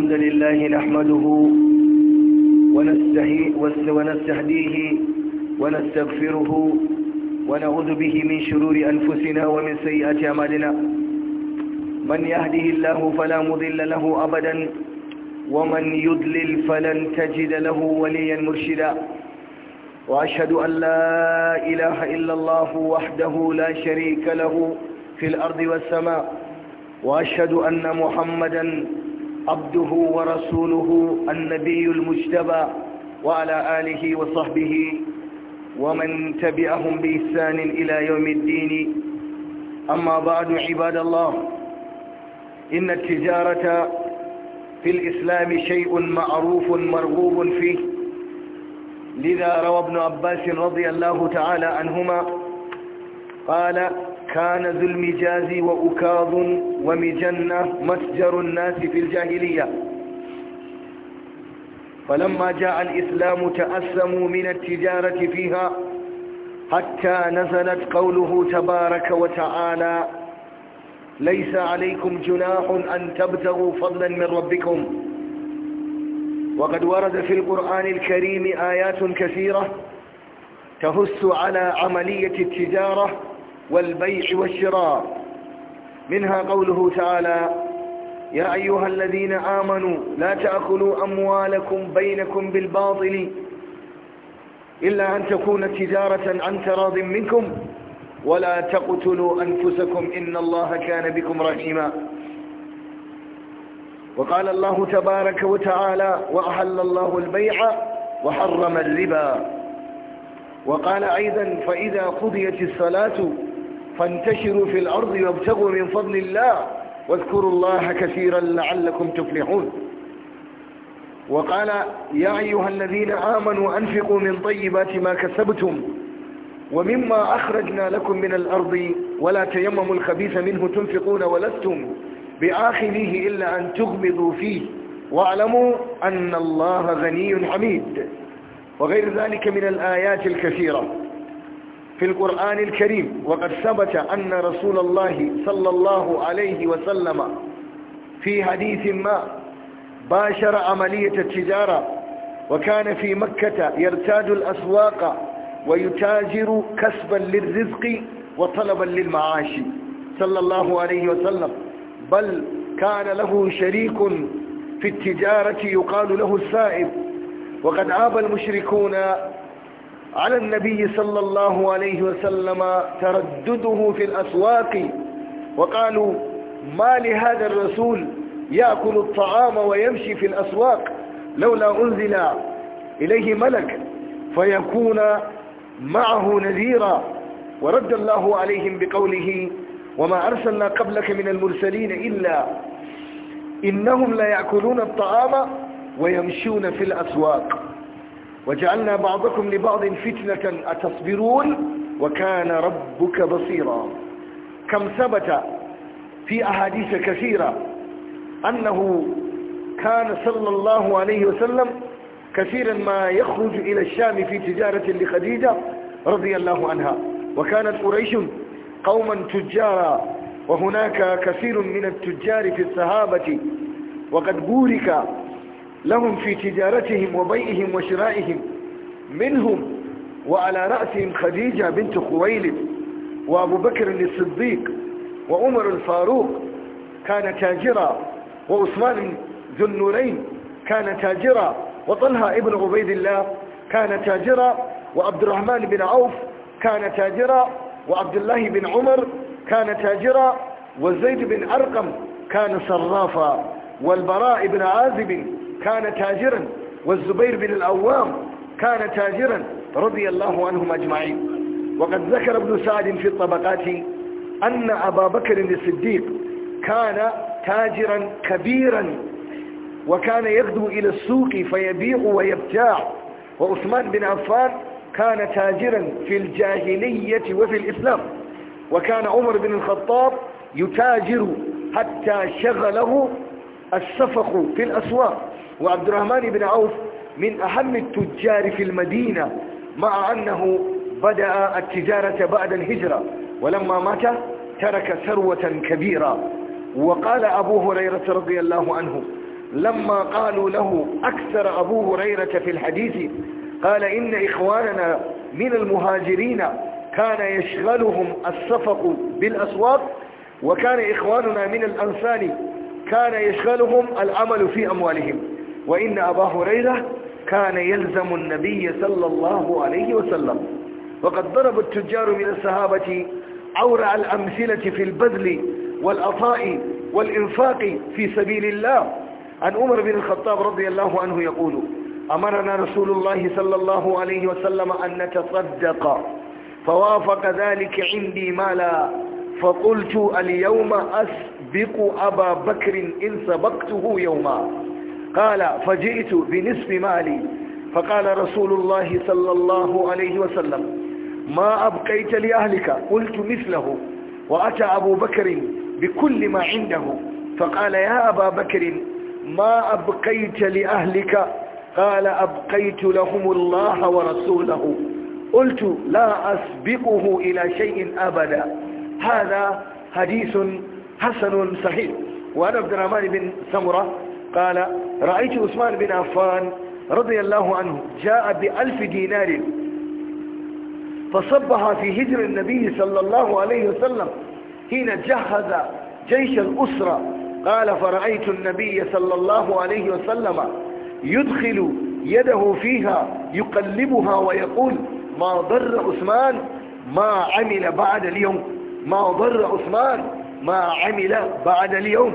الحمد لله نحمده ونستهديه ونستغفره ونعوذ به من شرور أنفسنا ومن سيئات أعمالنا من يهده الله فلا مضل له أبدا ومن يضلل فلن تجد له وليا مرشدا وأشهد أن لا إله إلا الله وحده لا شريك له في الأرض والسماء وأشهد أن محمدا عبده ورسوله النبي المجتبى وعلى آله وصحبه ومن تبعهم بإحسان إلى يوم الدين أما بعد عباد الله إن التجارة في الإسلام شيء معروف مرغوب فيه لذا روى ابن عباس رضي الله تعالى عنهما قال كان ذو المجاز وأكاظ ومجنة متجر الناس في الجاهلية فلما جاء الإسلام تأسموا من التجارة فيها حتى نزلت قوله تبارك وتعالى ليس عليكم جناح أن تبتغوا فضلا من ربكم وقد ورد في القرآن الكريم آيات كثيرة تهس على عملية التجارة والبيع والشراء منها قوله تعالى يا أيها الذين آمنوا لا تأكلوا أموالكم بينكم بالباطل إلا أن تكون تجارة عن تراض منكم ولا تقتلوا أنفسكم إن الله كان بكم رحيما وقال الله تبارك وتعالى وأحل الله البيع وحرم الربا وقال أيضا فإذا قضيت الصلاة فانتشروا في الأرض وابتغوا من فضل الله واذكروا الله كثيرا لعلكم تفلحون وقال يا أيها الذين آمنوا أنفقوا من طيبات ما كسبتم ومما أخرجنا لكم من الأرض ولا تيمموا الخبيث منه تنفقون ولستم بآخذه إلا أن تغمضوا فيه واعلموا أن الله غني حميد وغير ذلك من الآيات الكثيرة في القرآن الكريم وقد ثبت أن رسول الله صلى الله عليه وسلم في حديث ما باشر عملية التجارة وكان في مكة يرتاج الأسواق ويتاجر كسبا للرزق وطلبا للمعاش صلى الله عليه وسلم بل كان له شريك في التجارة يقال له السائب وقد عاب المشركون على النبي صلى الله عليه وسلم تردده في الأسواق وقالوا ما لهذا الرسول يأكل الطعام ويمشي في الأسواق لولا أنزل إليه ملك فيكون معه نذيرا ورد الله عليهم بقوله وما أرسلنا قبلك من المرسلين إلا إنهم لا يأكلون الطعام ويمشون في الأسواق وجعلنا بعضكم لبعض فتنة أتصبرون وكان ربك بصيرا كم ثبت في أحاديث كثيرة أنه كان صلى الله عليه وسلم كثيرا ما يخرج إلى الشام في تجارة لخديجة رضي الله عنها وكانت قريش قوما تجارا وهناك كثير من التجار في الصحابة وقد بورك لهم في تجارتهم وبيعهم وشرائهم منهم وعلى رأسهم خديجة بنت خويلد وأبو بكر الصديق وعمر الفاروق كان تاجرا وعثمان ذو النورين كان تاجرا وطلها ابن عبيد الله كان تاجرا وعبد الرحمن بن عوف كان تاجرا وعبد الله بن عمر كان تاجرا وزيد بن أرقم كان صرافا والبراء بن عازب كان تاجرا والزبير بن الأوام كان تاجرا رضي الله عنهم أجمعين وقد ذكر ابن سعد في الطبقات أن أبا بكر الصديق كان تاجرا كبيرا وكان يغدو إلى السوق فيبيع ويبتاع وعثمان بن عفان كان تاجرا في الجاهلية وفي الإسلام وكان عمر بن الخطاب يتاجر حتى شغله السفق في الأسواق وعبد الرحمن بن عوف من أهم التجار في المدينة مع أنه بدأ التجارة بعد الهجرة ولما مات ترك ثروة كبيرة وقال أبو هريرة رضي الله عنه لما قالوا له أكثر أبو هريرة في الحديث قال إن إخواننا من المهاجرين كان يشغلهم الصفق بالأسواق وكان إخواننا من الأنصار كان يشغلهم العمل في أموالهم وإن أبا هريرة كان يلزم النبي صلى الله عليه وسلم وقد ضرب التجار من الصحابة أورع الأمثلة في البذل والعطاء والإنفاق في سبيل الله عن عمر بن الخطاب رضي الله عنه يقول أمرنا رسول الله صلى الله عليه وسلم أن نتصدق فوافق ذلك عندي مالا فقلت اليوم أسبق أبا بكر إن سبقته يوما قال فجئت بنصف مالي فقال رسول الله صلى الله عليه وسلم ما أبقيت لأهلك قلت مثله وأتى أبو بكر بكل ما عنده فقال يا أبا بكر ما أبقيت لأهلك قال أبقيت لهم الله ورسوله قلت لا أسبقه إلى شيء أبدا هذا حديث حسن صحيح وأنا عبد الرحمن بن سمرة قال رأيت عثمان بن عفان رضي الله عنه جاء بألف دينار فصبها في هجر النبي صلى الله عليه وسلم حين جهز جيش الأسرة قال فرأيت النبي صلى الله عليه وسلم يدخل يده فيها يقلبها ويقول ما ضر عثمان ما عمل بعد اليوم ما ضر عثمان ما عمل بعد اليوم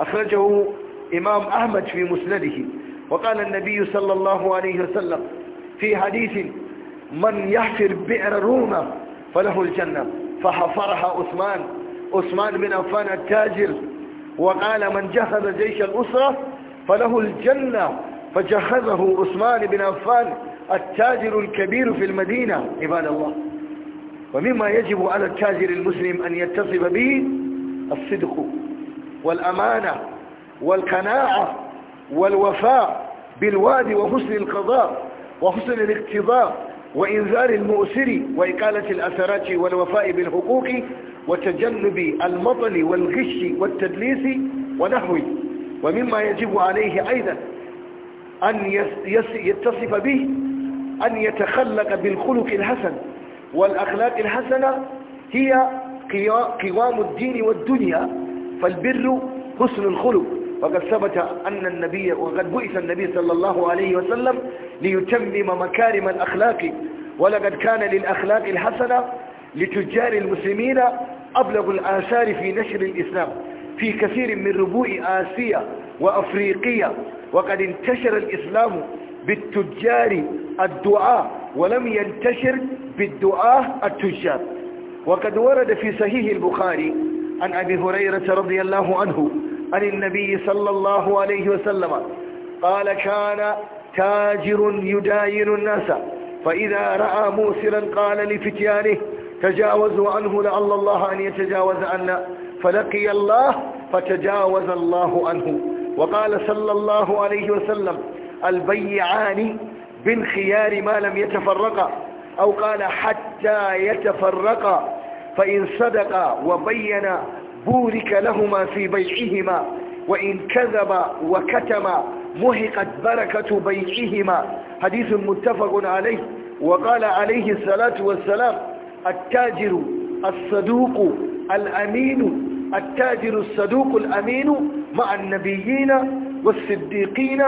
أخرجه إمام أحمد في مسنده وقال النبي صلى الله عليه وسلم في حديث من يحفر بئر روما فله الجنة فحفرها عثمان عثمان بن أفان التاجر وقال من جهز جيش الأسرة فله الجنة فجهزه عثمان بن عفان التاجر الكبير في المدينة عباد الله ومما يجب على التاجر المسلم أن يتصف به الصدق والأمانة والقناعة والوفاء بالواد وحسن القضاء وحسن الاقتضاء وإنذار المؤسر وإقالة الأثرات والوفاء بالحقوق وتجنب المطل والغش والتدليس ونحوه ومما يجب عليه أيضا أن يتصف به أن يتخلق بالخلق الحسن والأخلاق الحسنة هي قوام الدين والدنيا فالبر حسن الخلق وقد ثبت أن النبي وقد بعث النبي صلى الله عليه وسلم ليتمم مكارم الأخلاق ولقد كان للأخلاق الحسنة لتجار المسلمين أبلغ الآثار في نشر الإسلام في كثير من ربوع آسيا وأفريقيا وقد انتشر الإسلام بالتجار الدعاء ولم ينتشر بالدعاء التجار وقد ورد في صحيح البخاري عن أبي هريرة رضي الله عنه عن النبي صلى الله عليه وسلم قال كان تاجر يداين الناس فإذا رأى موسرا قال لفتيانه تجاوزوا عنه لعل الله أن يتجاوز عنا فلقي الله فتجاوز الله عنه وقال صلى الله عليه وسلم البيعان بالخيار ما لم يتفرقا أو قال حتى يتفرقا فإن صدقا وبينا بورك لهما في بيعهما وإن كذب وكتم مهقت بركة بيعهما حديث متفق عليه وقال عليه الصلاة والسلام التاجر الصدوق الأمين التاجر الصدوق الأمين مع النبيين والصديقين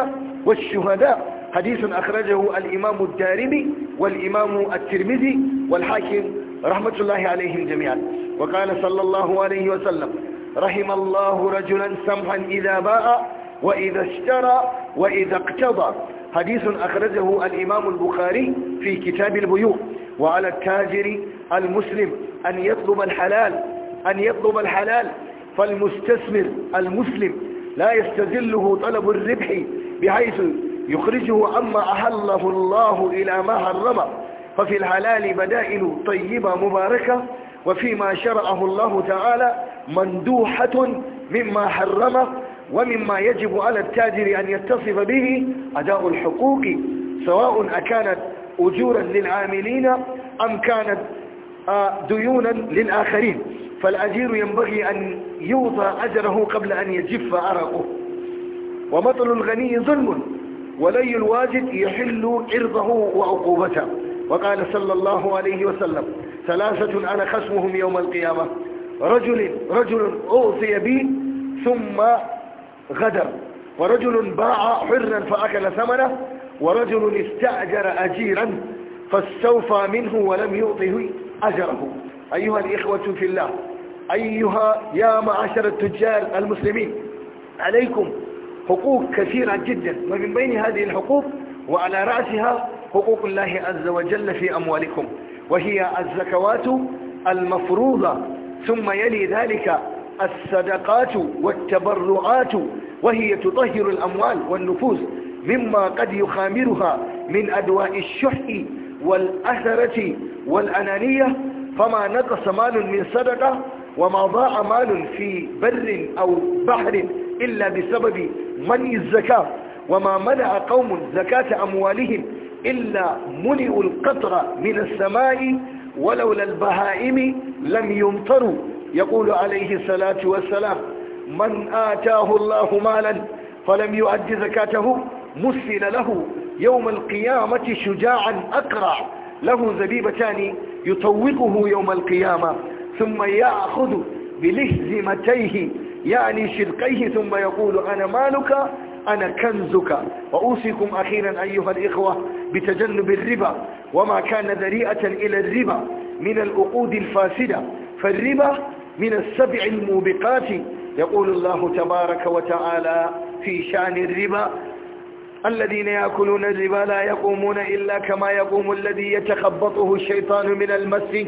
والشهداء حديث أخرجه الإمام الدارمي والإمام الترمذي والحاكم رحمة الله عليهم جميعا وقال صلى الله عليه وسلم رحم الله رجلا سمحا إذا باع وإذا اشترى وإذا اقتضى حديث أخرجه الإمام البخاري في كتاب البيوع وعلى التاجر المسلم أن يطلب الحلال أن يطلب الحلال فالمستثمر المسلم لا يستزله طلب الربح بحيث يخرجه عما أحله الله إلى ما حرمه ففي الحلال بدائل طيبة مباركة وفيما شرعه الله تعالى مندوحة مما حرمه ومما يجب على التاجر أن يتصف به أداء الحقوق سواء أكانت أجورا للعاملين أم كانت آه، ديونا للآخرين فالأجير ينبغي أن يوطى أجره قبل أن يجف عرقه ومطل الغني ظلم ولي الواجد يحل عرضه وعقوبته وقال صلى الله عليه وسلم ثلاثة أنا خصمهم يوم القيامة رجل رجل أوصي بي ثم غدر ورجل باع حرا فأكل ثمنه ورجل استأجر أجيرا فاستوفى منه ولم يعطه أجره أيها الإخوة في الله أيها يا معاشر التجار المسلمين عليكم حقوق كثيرة جدا ومن بين هذه الحقوق وعلى رأسها حقوق الله عز وجل في أموالكم وهي الزكوات المفروضة ثم يلي ذلك الصدقات والتبرعات وهي تطهر الأموال والنفوس مما قد يخامرها من أدواء الشح والأثرة والأنانية فما نقص مال من صدقة وما ضاع مال في بر أو بحر إلا بسبب من الزكاة وما منع قوم زكاة أموالهم إلا ملئوا القطرة من السماء ولولا البهائم لم يمطروا يقول عليه الصلاة والسلام من آتاه الله مالا فلم يؤد زكاته مثل له يوم القيامة شجاعا أقرع له زبيبتان يطوقه يوم القيامة ثم يأخذ بلهزمتيه يعني شرقيه ثم يقول أنا مالك أنا كنزك وأوصيكم أخيرا أيها الإخوة بتجنب الربا وما كان ذريئة إلى الربا من الأقود الفاسدة فالربا من السبع الموبقات يقول الله تبارك وتعالى في شان الربا الذين يأكلون الربا لا يقومون إلا كما يقوم الذي يتخبطه الشيطان من المس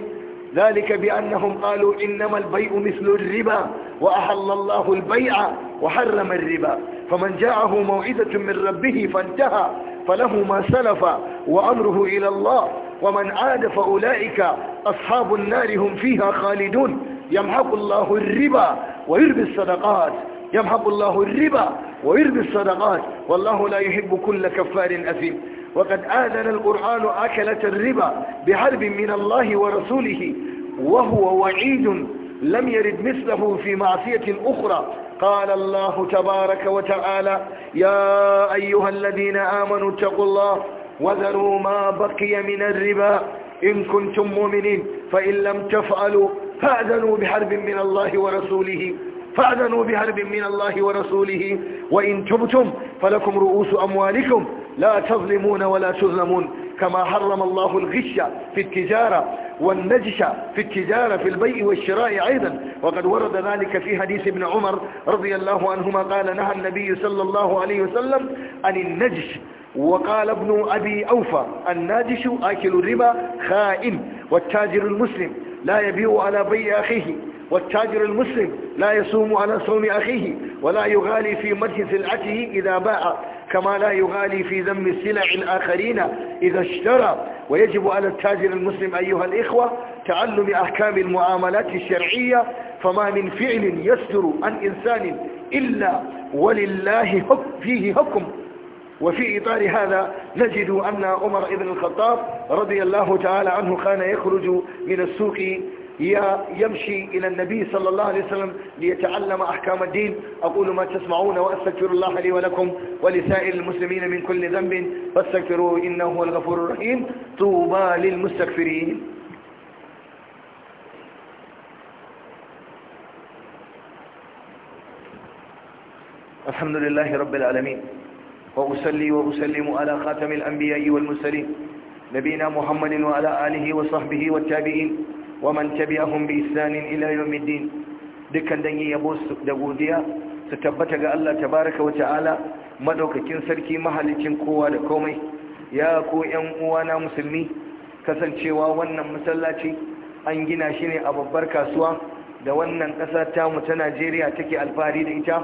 ذلك بأنهم قالوا إنما البيع مثل الربا وأحل الله البيع وحرم الربا فمن جاءه موعظة من ربه فانتهى فله ما سلف وأمره إلى الله ومن عاد فأولئك أصحاب النار هم فيها خالدون يمحق الله الربا ويربي الصدقات يمحق الله الربا ويربي الصدقات والله لا يحب كل كفار أثيم وقد آذن القرآن أكلة الربا بحرب من الله ورسوله وهو وعيد لم يرد مثله في معصية أخرى قال الله تبارك وتعالى يا أيها الذين آمنوا اتقوا الله وذروا ما بقي من الربا إن كنتم مؤمنين فإن لم تفعلوا فأذنوا بحرب من الله ورسوله فأذنوا بهرب من الله ورسوله وإن تبتم فلكم رؤوس أموالكم لا تظلمون ولا تظلمون كما حرم الله الغش في التجارة والنجش في التجارة في البيع والشراء أيضا وقد ورد ذلك في حديث ابن عمر رضي الله عنهما قال نهى النبي صلى الله عليه وسلم عن النجش وقال ابن أبي أوفى الناجش آكل الربا خائن والتاجر المسلم لا يبيع على بيع أخيه والتاجر المسلم لا يصوم على صوم أخيه ولا يغالي في مدح سلعته إذا باع كما لا يغالي في ذم السلع الآخرين إذا اشترى ويجب على التاجر المسلم أيها الإخوة تعلم أحكام المعاملات الشرعية فما من فعل يصدر عن إنسان إلا ولله فيه حكم وفي إطار هذا نجد أن عمر بن الخطاب رضي الله تعالى عنه كان يخرج من السوق يمشي إلى النبي صلى الله عليه وسلم ليتعلم أحكام الدين أقول ما تسمعون وأستغفر الله لي ولكم ولسائر المسلمين من كل ذنب فاستغفروه إنه هو الغفور الرحيم طوبى للمستغفرين الحمد لله رب العالمين وأسلي وأسلم على خاتم الأنبياء والمرسلين نبينا محمد وعلى آله وصحبه والتابعين ومن تبعهم بإحسان إلى يوم الدين dukkan dan yi su da godiya su tabbata ga Allah tabaraka wa ta'ala madaukakin sarki mahalicin kowa da komai ya ko ƴan uwana musulmi kasancewa wannan masallaci an gina shi ne a babbar kasuwa da wannan ƙasa ta ta Najeriya take alfahari da ita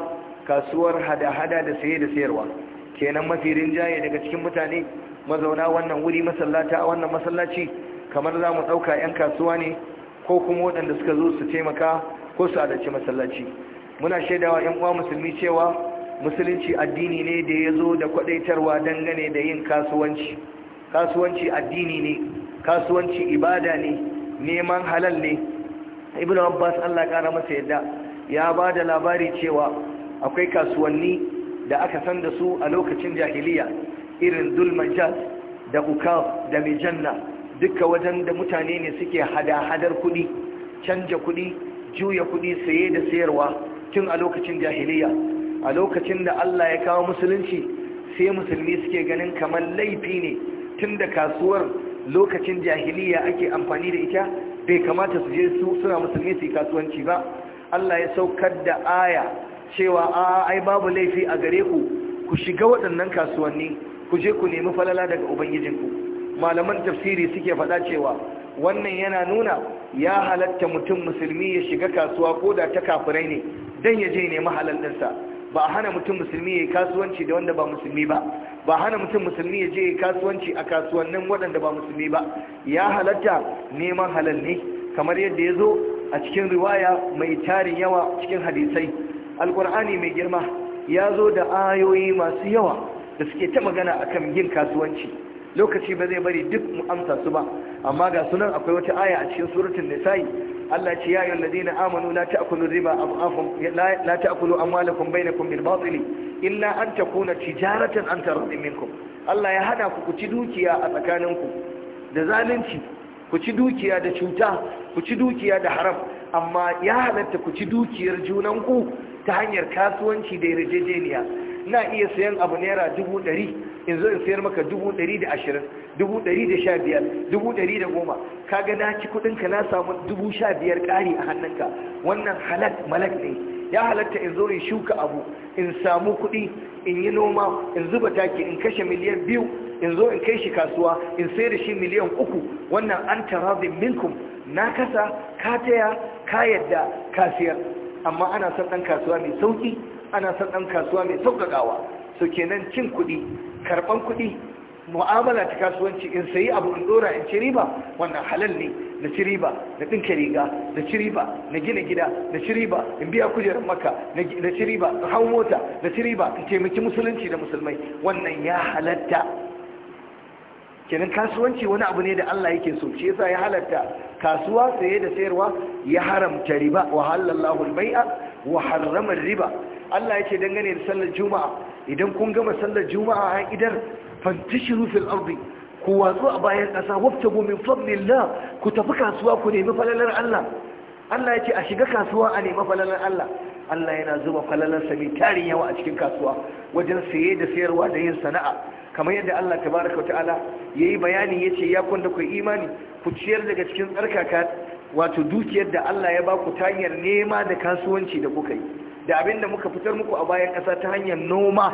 kasuwar hada-hada da saye da sayarwa kenan mafi rinjaye daga cikin mutane mazauna wannan wuri masallata a wannan masallaci kamar za mu ɗauka 'yan kasuwa ne ko kuma waɗanda suka zo su taimaka ko su adace masallaci muna shaidawa 'yan uwa musulmi cewa musulunci addini ne da ya zo da kwadaitarwa dangane da yin kasuwanci kasuwanci addini ne kasuwanci ibada ne neman halal ne ibn abbas allah kara masa yadda ya ba da labari cewa akwai kasuwanni da aka san da su a lokacin jahiliya irin dulmajaz da ukaf da mijanna dukka wajen da mutane ne suke hada-hadar kudi, canja kudi, juya kudi, saye da sayarwa tun a lokacin jahiliya a lokacin da Allah ya kawo musulunci sai musulmi suke ganin kamar laifi ne tun da kasuwar lokacin jahiliya ake amfani da ita bai kamata su je su suna musulmi su yi kasuwanci ba Allah ya saukar da aya cewa a ai babu laifi a gare ku ku shiga waɗannan kasuwanni ku je ku nemi falala daga ubangijinku malaman tafsiri suke faɗa cewa wannan yana nuna ya halatta mutum musulmi ya shiga kasuwa ko da ta kafirai ne don ya je nemi halal ɗinsa ba a hana mutum musulmi ya yi kasuwanci da wanda ba musulmi ba ba hana mutum musulmi ya je ya kasuwanci a kasuwannin waɗanda ba musulmi ba ya halatta neman halal ne kamar yadda ya zo a cikin riwaya mai tarin yawa cikin hadisai alkur'ani mai girma ya zo da ayoyi masu yawa da suke ta magana akan yin kasuwanci lokaci ba zai bari duk mu amsa su ba amma ga sunan akwai wata aya a cikin suratul nisa'i Allah ce ya ayyuhal ladina amanu la ta'kulu riba afafum la ta'kulu amwalakum bainakum bil batil illa an takuna tijaratan an taradin minkum Allah ya hana ku ku ci dukiya a tsakaninku da zalunci ku ci dukiya da cuta ku ci dukiya da haram amma ya halatta ku ci dukiyar junanku ta hanyar kasuwanci da yarjejeniya na iya sayan abu naira dubu ɗari in zo in sayar maka dubu ɗari da ashirin dubu ɗari da sha biyar dubu ɗari da goma ka ga na ci kuɗinka na samu dubu sha biyar ƙari a hannunka wannan halak malak ne ya halatta in zo in shuka abu in samu kuɗi in yi noma in zuba taki in kashe miliyan biyu in zo in kai shi kasuwa in sai da shi miliyan uku wannan an tarazin minkum na kasa ka taya ka yadda ka siyar amma ana son ɗan kasuwa mai sauƙi ana son ɗan kasuwa mai sauƙaƙawa so kenan cin kuɗi karban kuɗi mu'amala ta kasuwanci in sayi abu in dora in ci riba wannan halal ne na ci riba na ɗinka riga na ci riba na gina gida na ci riba in biya kujerar maka na ci riba in hau mota na ci riba in taimaki musulunci da musulmai wannan ya halatta kenan kasuwanci wani abu ne da Allah yake so shi yasa ya halatta kasuwa saye da sayarwa ya haramta riba wa halallahu al-bai'a wa harrama riba Allah yake dangane da sallar juma'a idan kun gama sallar juma'a a idar fantashiru fil ardi ku watsu a bayan ƙasa wabtagu min fadlillah ku tafi kasuwa ku nemi falalar Allah Allah ya a shiga kasuwa a nemi falalar Allah Allah yana zuba sa mai tarin yawa a cikin kasuwa wajen saye da sayarwa da yin sana'a kamar yadda Allah tabaraka wa ta'ala yayi bayani yace ya kun da ku imani ku ciyar daga cikin tsarkaka wato dukiyar da Allah ya ba ku ta nema da kasuwanci da kuka yi da abin da muka fitar muku a bayan ƙasa ta hanyar noma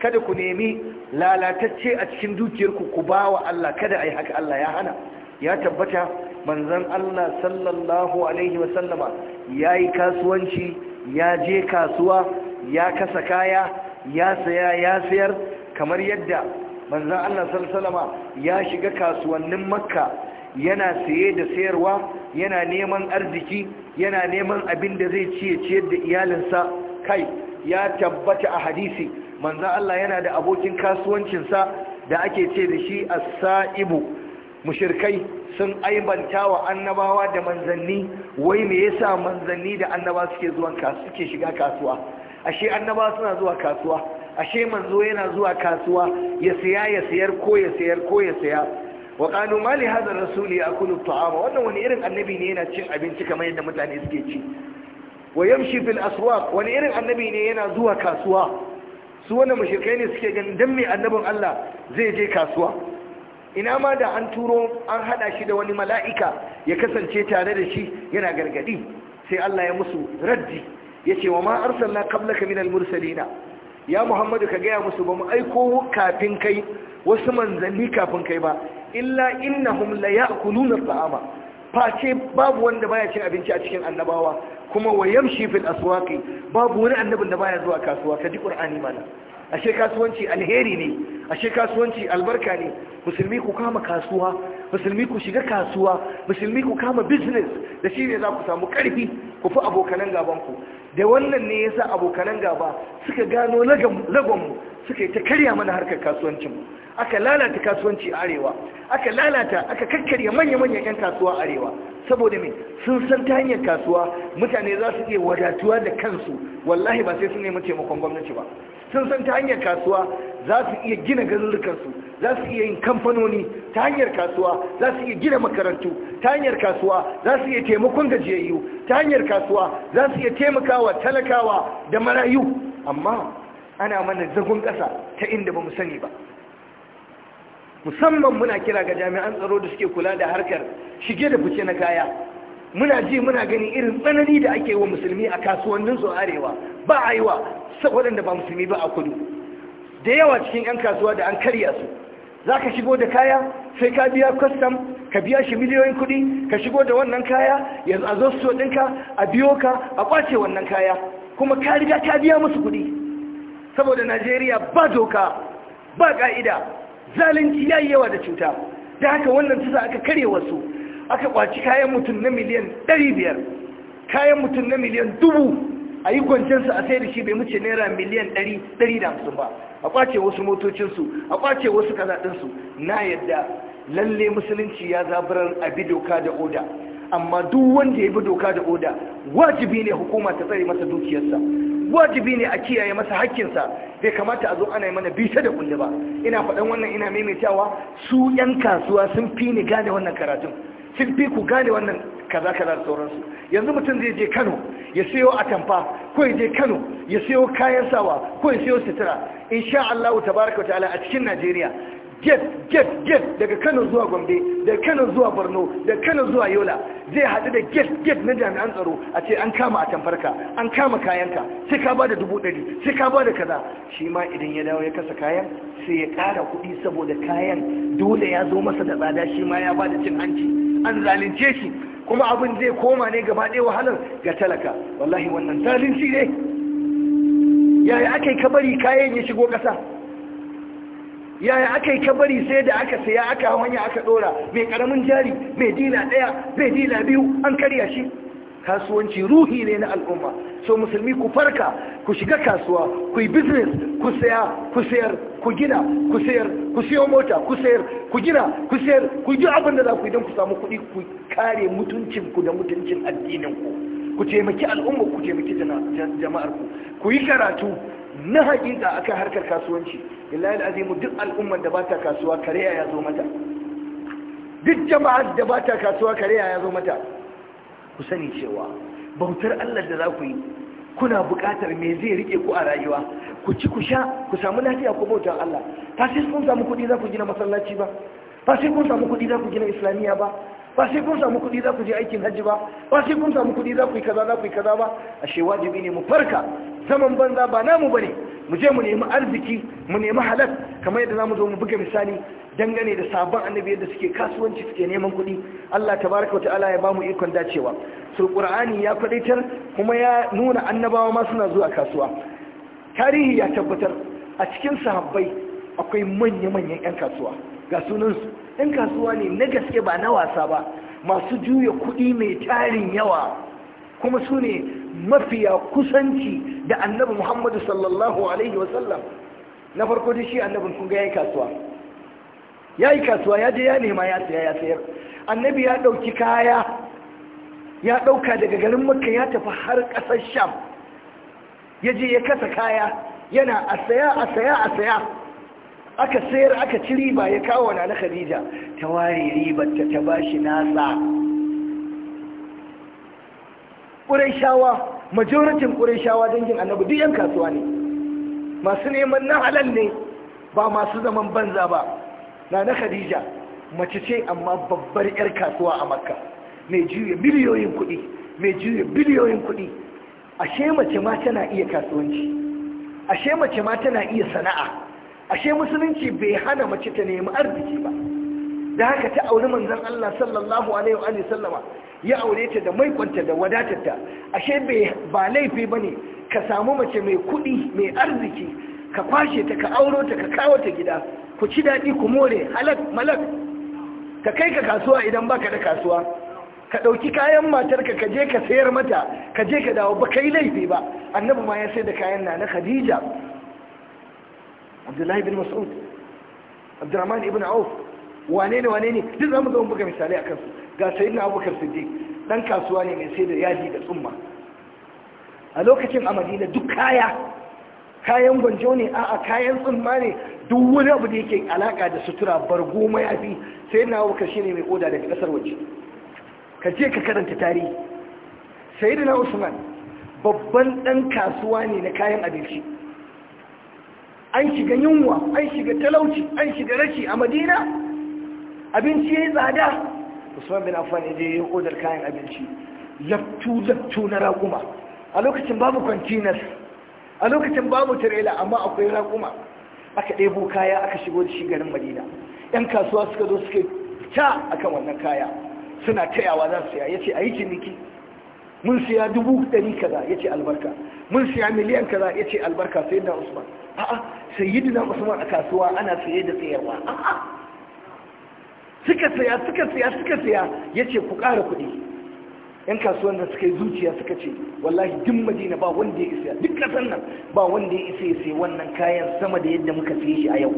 kada ku nemi lalatacce a cikin dukiyarku ku ba wa Allah kada a yi haka Allah ya hana ya tabbata manzan Allah sallallahu alaihi wasallama ya yi kasuwanci ya je kasuwa ya kasa kaya ya saya ya sayar kamar yadda manzan Allah sallallahu ya shiga kasuwannin makka yana saye da sayarwa yana neman arziki yana neman abin da zai ciye ciyar da iyalinsa kai ya tabbata a hadisi manzo Allah yana da abokin kasuwancinsa da ake ce da shi as-sa'ibu mushirkai sun aibanta wa annabawa da manzanni wai me yasa manzanni da annaba suke zuwan suke shiga kasuwa ashe annaba suna zuwa kasuwa ashe manzo yana zuwa kasuwa ya siya ya siyar ko ya siyar ko ya siya wa ma li hadha rasuli a at-ta'ama wannan wani irin annabi ne yana cin abinci kamar yadda mutane suke ci wa yamshi fil aswaq wani irin annabi ne yana zuwa kasuwa su wannan mushrikai ne suke ganin dan me annabin Allah zai je kasuwa ina ma da an turo an hada shi da wani mala'ika ya kasance tare da shi yana gargadi sai Allah ya musu raddi yace wa ma arsalna qablaka minal mursalina ya Muhammadu ka gaya musu ba mu aiko kafin kai wasu manzanni kafin kai ba illa innahum la ya'kuluna at-ta'ama face babu wanda baya cin abinci a cikin annabawa kuma wa yamshi fil aswaqi babu wani annabin da baya zuwa kasuwa kaji qur'ani mana ashe kasuwanci alheri ne ashe kasuwanci albarka ne musulmi ku kama kasuwa musulmi ku shiga kasuwa musulmi ku kama business da shi ne za ku samu karfi ku fi abokanan gabanku da wannan ne yasa abokanan gaba suka gano lagonmu suka yi ta karya mana harkar kasuwancinmu aka lalata kasuwanci arewa aka lalata aka kakkarya manya-manyan 'yan kasuwa arewa saboda mai sun san ta hanyar kasuwa mutane za su iya wadatuwa da kansu wallahi ba sai sun nemi taimakon gwamnati ba sun san ta hanyar kasuwa za su iya gina garurrukansu za su iya yin kamfanoni ta hanyar kasuwa za su iya gina makarantu ta hanyar kasuwa za su iya taimakon gajiyayyu ta hanyar kasuwa za su iya taimakawa talakawa da marayu amma ana mana zagon ƙasa ta inda ba mu sani ba musamman muna kira ga jami'an tsaro da suke kula da harkar shige da fice na kaya muna ji muna gani irin tsanani da ake wa musulmi a kasuwannin su arewa ba a yi wa waɗanda ba musulmi ba a kudu da yawa cikin 'yan kasuwa da an karya su za ka shigo da kaya sai ka biya kwastam ka biya shi miliyoyin kuɗi ka shigo da wannan kaya yanzu a zo su ɗinka a biyo ka a ƙwace wannan kaya kuma ka riga ka biya musu kuɗi saboda najeriya ba doka ba ka'ida zalunci ya yi yawa da cuta da haka wannan tusa aka karye wasu aka kwaci kayan mutum na miliyan 500 kayan mutum na miliyan 1000 a yi gwancensa a sai da shi bai mace naira miliyan 150 ba a kwace wasu motocinsu a kwace wasu kazaɗinsu na yadda lalle musulunci ya zaburar a bi doka da oda amma duk wanda ya bi doka da oda wajibi ne hukuma ta tsare masa dukiyarsa wajibi ne a kiyaye masa hakkinsa bai kamata a zo ana yi mana bisa da kulle ba ina faɗan wannan ina maimaitawa su 'yan kasuwa sun fi ni gane wannan karatun sun fi ku gane wannan kaza kaza da sauransu yanzu mutum zai je Kano ya siyo atamfa ko ya je Kano ya siyo kayan sawa ko ya siyo sutura insha Allah tabaraka ta'ala a cikin Najeriya get get get daga kano zuwa gombe da kano zuwa borno da kano zuwa yola zai haɗu da get get na jami'an tsaro a ce an kama a tamfarka an kama kayanka sai ka ba da dubu ɗari sai ka ba da kaza shi ma idan ya dawo ya kasa kayan sai ya ƙara kuɗi saboda kayan dole ya zo masa da tsada shi ma ya ba da cin hanci an zalunce shi kuma abin zai koma ne gaba ɗaya wahalar ga talaka wallahi wannan zalunci ne yaya aka yi bari kayan ya shigo ƙasa yaya aka yi kabari sai da aka saya aka hanya aka dora mai karamin jari mai dila daya mai dila biyu an karya shi kasuwanci ruhi ne na al'umma so musulmi ku farka ku shiga kasuwa ku yi business ku saya ku sayar ku gina ku sayar ku siyo mota ku sayar ku gina ku sayar ku ji abin da za ku yi don ku samu kuɗi ku kare mutuncin ku da mutuncin addinin ku taimaki al'umma ku taimaki jama'ar ku ku yi karatu na hakika kan harkar kasuwanci billahi alazimu duk al'ummar da bata kasuwa kare ya zo mata duk jama'ar da bata kasuwa kare ya zo mata ku sani cewa bautar Allah da za ku yi kuna buƙatar me zai rike ku a rayuwa ku ci ku sha ku samu lafiya ku bautar Allah ta sai kun samu kuɗi za ku gina masallaci ba ba sai kun samu kuɗi za ku gina islamiyya ba ba sai kun samu kuɗi za ku je aikin hajji ba ba sai kun samu kuɗi za ku yi kaza za ku yi kaza ba ashe wajibi ne mu farka zaman banza ba namu ba ne. mu je mu nemi arziki mu nemi halal kamar yadda zamu zo mu buga misali dangane da sabon annabi yadda suke kasuwanci suke neman kuɗi Allah tabaraka wa ta'ala ya ba mu ikon dacewa sul qur'ani ya fadaitar kuma ya nuna annabawa ma suna zuwa kasuwa tarihi ya tabbatar a cikin sahabbai akwai manya-manyan 'yan kasuwa ga sunansu ɗan kasuwa ne na gaske ba na wasa ba masu juya kuɗi mai tarin yawa kuma su ne mafiya kusanci da annabi muhammadu sallallahu alaihi wasallam na farko da shi annabin kun ya yi kasuwa ya yi kasuwa ya je ya nema ya saya ya sayar annabi ya ɗauki kaya ya ɗauka daga garin makka ya tafi har ƙasar sham ya je ya kasa kaya yana a saya a saya a saya aka sayar aka ci riba ya kawo wa na khadija ta ware ribar ta ta bashi nasa ƙuraishawa majoratin ƙuraishawa dangin annabu, duk yan kasuwa ne masu neman na halal ne ba masu zaman banza ba na na khadija mace ce amma babbar 'yar kasuwa a makka mai juya miliyoyin kuɗi mai juya biliyoyin kuɗi ashe mace ma tana iya kasuwanci ashe mace ma tana iya sana'a ashe musulunci bai hana mace ta nemi arziki ba da haka ta auri manzon Allah sallallahu alaihi wa sallama ya aure ta da maikonta da wadatarta ashe ba laifi ba ne ka samu mace mai kuɗi mai arziki ka kwashe ta ka auro ta ka kawo ta gida ku ci daɗi ku more halak malak ka kai ka kasuwa idan baka da kasuwa ka ɗauki kayan matar ka je ka sayar mata ka je ka dawo ba kai laifi ba annabi ma ya sai da kayan na na khadija abdullahi bin mas'ud Abdurahman ibn auf wane ne wane ne duk zamu ga buga misali a kansu. ga sayyidina abubakar siddiq dan kasuwa ne mai sai da yaji da tsumma a lokacin a madina duk kaya kayan gwanjo ne a'a kayan tsumma ne duk wani abu da yake alaka da sutura bargo mayafi sayyidina abubakar shine mai oda daga kasar waje ka je ka karanta tarihi sayyidina usman babban dan kasuwa ne na kayan abinci an shiga yunwa an shiga talauci an shiga rashi a madina abinci ya yi tsada usman bin affan ya je ya yi odar kayan abinci laftu laftu na raƙuma a lokacin babu kwantinas a lokacin babu tirela amma akwai raƙuma aka ɗebo kaya aka shigo da shigarin garin madina yan kasuwa suka zo suka ta akan wannan kaya suna tayawa za su siya ya ce a yi ciniki mun siya dubu ɗari kaza ya ce albarka mun siya miliyan kaza ya ce albarka sai da usman a'a sayyidina usman a kasuwa ana saye da sayarwa a'a suka saya suka saya suka saya ya ce ku ƙara kuɗi yan kasuwan da suka yi zuciya suka ce wallahi duk madina ba wanda ya isa duk ƙasar nan ba wanda ya isa ya sai wannan kayan sama da yadda muka siye shi a yau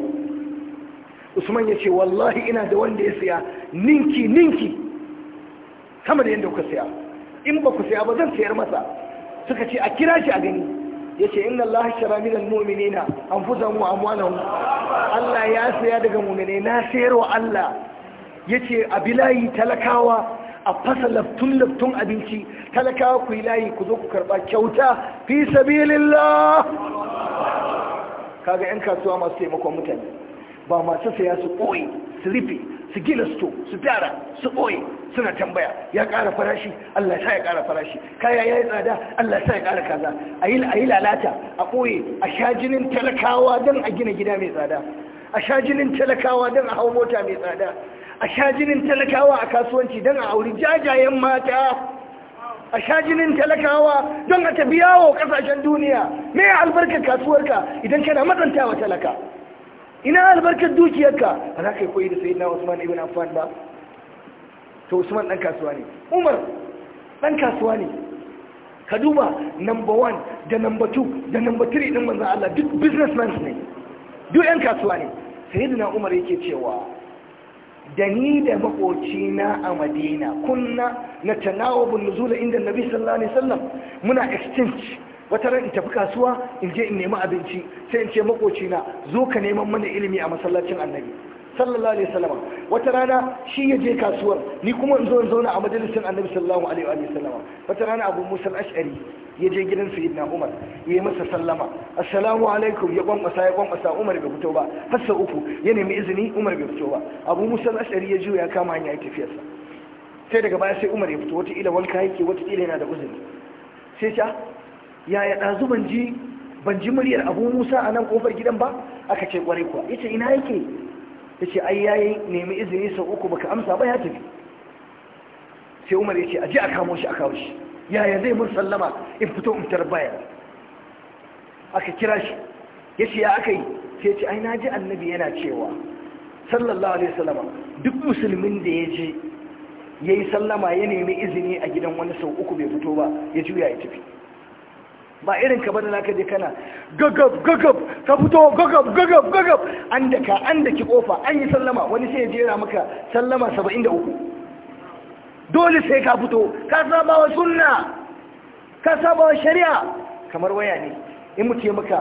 usman ya ce wallahi ina da wanda ya saya ninki ninki sama da yadda kuka saya in ba ku saya ba zan sayar masa suka ce a kira shi a gani ya ce inna Allah shara min al-mu'minina anfusahum wa amwalahum Allah ya saya daga mu'mine na sayar wa Allah yace a bilayi talakawa a fasa laftun laftun abinci talakawa ku layi ku zo ku karba kyauta fi sabilillah kaga yan kasuwa masu taimakon mutane ba masu saya su ɓoye su rufe su gina sto su tara su ɓoye suna tambaya ya ƙara farashi Allah sa ya ƙara farashi kaya ya yi tsada Allah sa ya ƙara kaza a yi lalata a ɓoye a sha jinin talakawa don a gina gida mai tsada a sha jinin talakawa don a hau mota mai tsada a sha jinin talakawa a kasuwanci don a auri jajayen mata a sha jinin talakawa don a tafi wa ƙasashen duniya me albarkar kasuwarka idan kana matsantawa talaka ina albarkar dukiyarka ba za ka yi koyi da na Usman ibn Affan ba to Usman dan kasuwa ne Umar dan kasuwa ne ka duba number one da number two da number three din manzan Allah duk businessmen ne duk yan kasuwa ne na Umar yake cewa da ni da makocina a Madina kunna na bin nuzula inda Nabi sallallahu alaihi wasallam muna exchange wata ran in tafi kasuwa in je in nemi abinci sai in ce makocina zo ka neman mana ilimi a masallacin annabi sallallahu alaihi wasallam wata rana shi ya je kasuwar ni kuma in zo in zauna a majalisin annabi sallallahu alaihi wasallam wata rana abu musa al-ash'ari ya je gidan sayyidina umar ya yi masa sallama assalamu alaikum ya kwankwasa ya kwankwasa umar bai fito ba hassa uku ya nemi izini umar bai fito ba abu musa al-ash'ari ya juya kama hanya ya tafiyarsa sai daga baya sai umar ya fito wata ila wanka yake wata ila yana da uzuri sai ta yaya ɗazu ban ji muryar abu musa a nan ƙofar gidan ba aka ce ƙwarai kuwa ya ce ina yake ya ce ai yayi nemi izini sau uku baka amsa ba ya tafi sai umar ya ce a ji a kamo shi a kawo shi yaya zai mun sallama in fito in tarbaya aka kira shi ya ce ya aka yi sai ce ai na ji annabi yana cewa sallallahu alaihi wasallama duk musulmin da ya je ya yi sallama ya nemi izini a gidan wani sau uku bai fito ba ya juya ya tafi ba irin ka bane naka je kana gagab gagab ka fito gagab gagab gagab an da ka an da ki kofa an yi sallama wani sai ya jera maka sallama 73 dole sai ka fito ka saba wa sunna ka saba wa shari'a kamar waya ne in mutum ya maka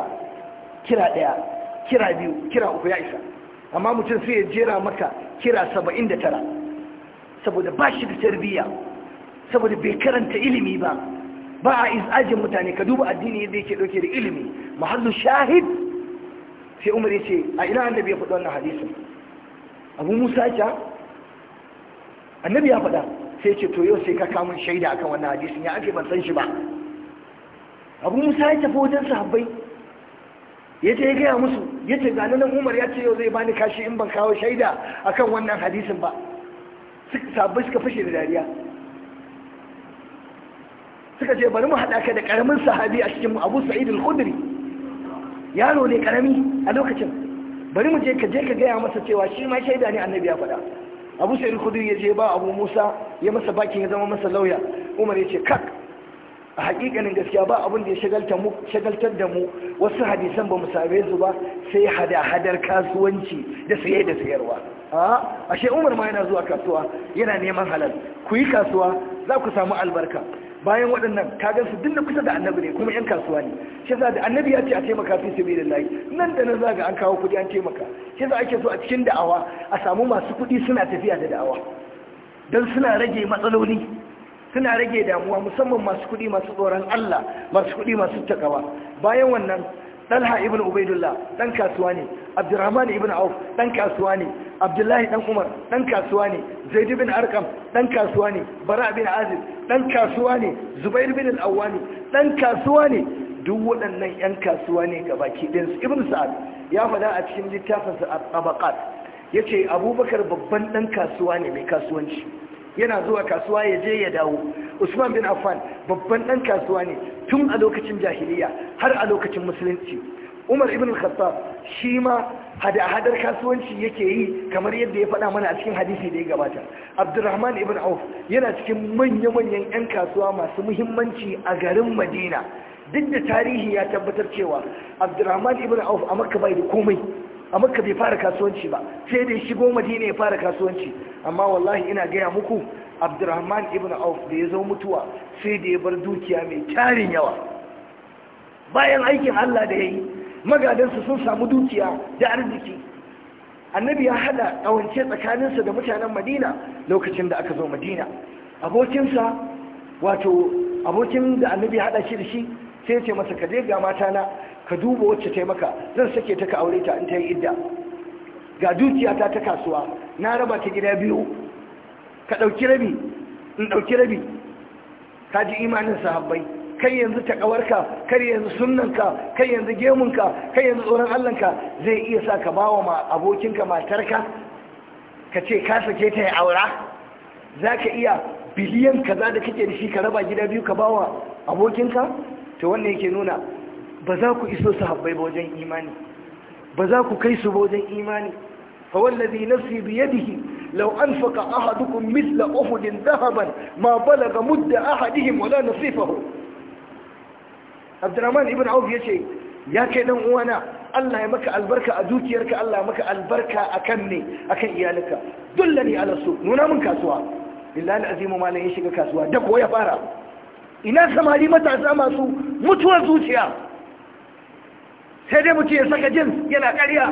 kira daya kira biyu kira uku ya isa amma mutum sai ya jera maka kira 79 saboda ba shi da tarbiyya saboda bai karanta ilimi ba ba a izajin mutane ka duba addini yadda yake dauke da ilimi mahallu shahid sai umar yace a ina annabi ya faɗa wannan hadisin abu musa ya annabi ya faɗa sai ce to yau sai ka kamun shaida akan wannan hadisin ya ake ban san shi ba abu musa ya tafi wajen sahabbai ya ce ya gaya musu ya ce ga nan umar ya ce yau zai bani kashi in ban kawo shaida akan wannan hadisin ba sahabbai suka fashe da dariya suka ce bari mu haɗa ka da ƙaramin sahabi a cikin abu sa'id al-khudri yaro ne ƙarami a lokacin bari mu je ka je ka gaya masa cewa shi ma shaida ne annabi ya faɗa abu sa'id al-khudri ya je ba abu musa ya masa bakin ya zama masa lauya umar ya ce kak a hakikanin gaskiya ba abun da ya shagaltar da mu wasu hadisan ba mu same su ba sai hada-hadar kasuwanci da saye da sayarwa ashe umar ma yana zuwa kasuwa yana neman halal ku yi kasuwa za ku samu albarka bayan waɗannan kagan su dinda kusa da annabi ne kuma yan kasuwa ne shi yasa da annabi ya ce a taimaka fi layi nan da nan zaga an kawo kuɗi an taimaka shi yasa ake so a cikin da'awa a samu masu kuɗi suna tafiya da da'awa dan suna rage matsaloli suna rage damuwa musamman masu kuɗi masu tsoron Allah masu kuɗi masu takawa bayan wannan Talha ibn Ubaidullah dan kasuwa ne Abdurrahman ibn Auf ɗan kasuwa ne Abdullahi dan Umar dan kasuwa ne Zaid ibn Arqam dan kasuwa ne Bara bin Azib dan kasuwa ne zubair bin al-awwani dan kasuwa ne duk waɗannan yan kasuwa ne ga baki ɗin ibn sa'ad ya fada a cikin littafin sa abaqat yace abubakar babban dan kasuwa ne mai kasuwanci yana zuwa kasuwa ya je ya dawo usman bin affan babban dan kasuwa ne tun a lokacin jahiliya har a lokacin musulunci umar ibn al-khattab shi ma hada-hadar kasuwanci yake yi kamar yadda ya faɗa mana a cikin hadisi da ya gabata abdurrahman ibn auf yana cikin manya-manyan 'yan kasuwa masu muhimmanci a garin madina duk da tarihi ya tabbatar cewa abdurrahman ibn auf a makka bai da komai a makka bai fara kasuwanci ba sai da ya shigo madina ya fara kasuwanci amma wallahi ina gaya muku abdurrahman ibn auf da ya zo mutuwa sai da ya bar dukiya mai tarin yawa bayan aikin allah da ya yi magadansu sun samu dukiya da arziki annabi ya hada awance tsakaninsa da mutanen madina lokacin da aka zo madina abokinsa wato abokin da annabi ya hada shi da shi sai ya ce masa ka je ga matana ka duba wacce ta maka zan sake ta ka aure ta in ta yi idda ga dukiya ta ta kasuwa na raba ta gida biyu ka ɗauki rabi in ɗauki rabi ka ji imanin sahabbai kai yanzu takawarka kai yanzu sunnanka kai yanzu gemunka kai yanzu tsoron allanka zai iya sa ka bawa ma abokinka matarka ka ce ka sake ta ya aura za ka iya biliyan kaza da kake da shi ka raba gida biyu ka bawa abokinka to wannan yake nuna ba za ku iso su habbai ba wajen imani ba za ku kai su ba wajen imani fa wallazi nafsi biyadihi لو أنفق أحدكم مثل أحد ذهبا ما بلغ مد أحدهم ولا نصيفه abdurrahman ibn auf ya ce ya kai dan uwana Allah ya maka albarka a dukiyarka Allah ya maka albarka kan ne kan iyalinka dullani ala su nuna min kasuwa billahi azimu ma ya shiga kasuwa da ko ya fara ina samari matasa masu mutuwar zuciya sai dai mutum ya saka jin yana karya?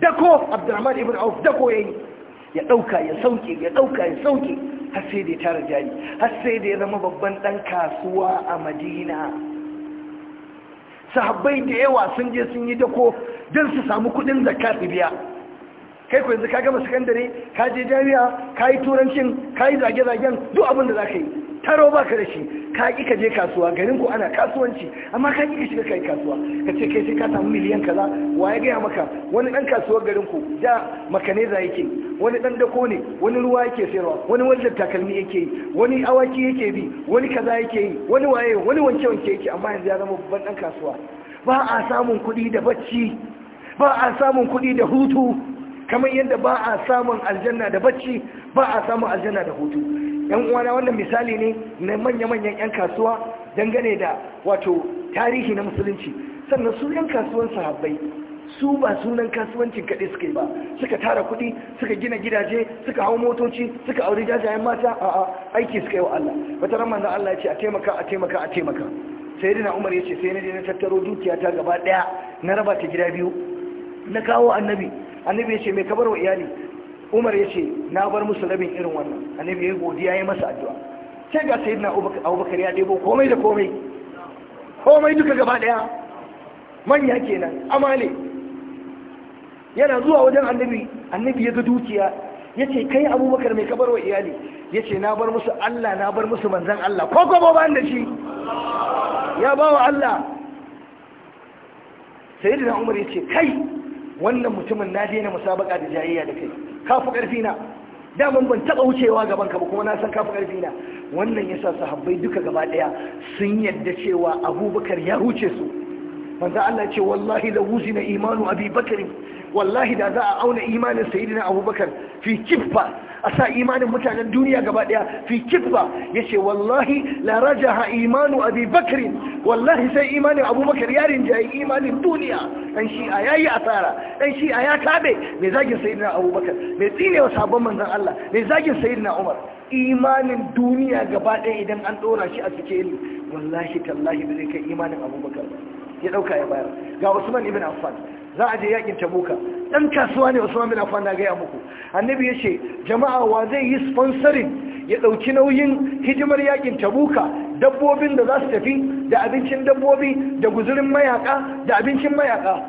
dako abdurrahman ibn auf dako yayi ya dauka ya sauke ya dauka ya sauke har sai dai tara jari har sai da ya zama babban dan kasuwa a madina sahabbai da yawa sun je sun yi dako don su samu kudin zakka su biya kai ku yanzu ka gama sakandare ka je jami'a ka yi turancin ka yi zage-zagen duk abin da za ka yi taro ba ka da shi ka ƙi ka je kasuwa garin ku ana kasuwanci amma ka ƙi ka shiga kai kasuwa ka ce kai sai ka samu miliyan kaza wa ya gaya maka wani ɗan kasuwar garin ku da makaneza yake wani ɗan dako ne wani ruwa yake sayarwa wani wajen takalmi yake yi wani awaki yake bi wani kaza yake yi wani waye wani wanke wanke yake amma yanzu ya zama babban ɗan kasuwa ba a samun kuɗi da bacci ba a samun kuɗi da hutu kamar yadda ba a samun aljanna da bacci ba a samun aljanna da hutu yan uwana wannan misali ne na manya-manyan yan kasuwa dangane da wato tarihi na musulunci sannan su yan kasuwan sahabbai su ba sunan kasuwancin kaɗai suka yi ba suka tara kuɗi suka gina gidaje suka hau motoci suka auri jajayen mata a aiki suka yi wa Allah wata ran manzon Allah ce a taimaka a taimaka a taimaka dina Umar ya ce sai na je na tattaro dukiya ta gaba ɗaya na raba ta gida biyu na kawo annabi annabi ya ce mai kabar wa iyali umar ya ce na bar musu rabin irin wannan annabi ya godiya ya masa addu'a sai ga sayyidina abubakar ya ɗebo komai da komai komai duka gaba daya manya kenan amale yana zuwa wajen annabi annabi ya ga dukiya ya ce kai abubakar mai kabar wa iyali ya ce na bar musu allah na bar musu manzan allah ko ko ba da shi ya ba wa allah sayyidina umar ya ce kai wannan mutumin na daina musabaka da jayayya da kai kafu karfi na daman ban taɓa wucewa gaban ka ba kuma na san kafu karfi na wannan yasa sahabbai duka gaba ɗaya sun yadda cewa abubakar ya huce su manzo Allah ce wallahi la wuzina imanu abi bakr wallahi da za a auna imanin sayyidina abubakar fi kiffa a sa imanin mutanen duniya gaba daya fi kiffa yace wallahi la rajaha imanu abi bakr wallahi sai imanin abubakar ya rinjaye imanin duniya dan shi a yayi asara dan shi a ya tabe mai zagin sayyidina abubakar mai tsinewa sabon manzon Allah mai zagin sayyidina umar imanin duniya gaba daya idan an dora shi a cikin wallahi tallahi ba zai kai imanin abubakar ba ya dauka ya bayar ga Usman ibn Affan za a je yakin Tabuka dan kasuwa ne Usman ibn Affan na ga muku annabi yace jama'a wa zai yi sponsoring ya dauki nauyin hijimar yakin Tabuka dabbobin da za su tafi da abincin dabbobi da guzurin mayaka da abincin mayaka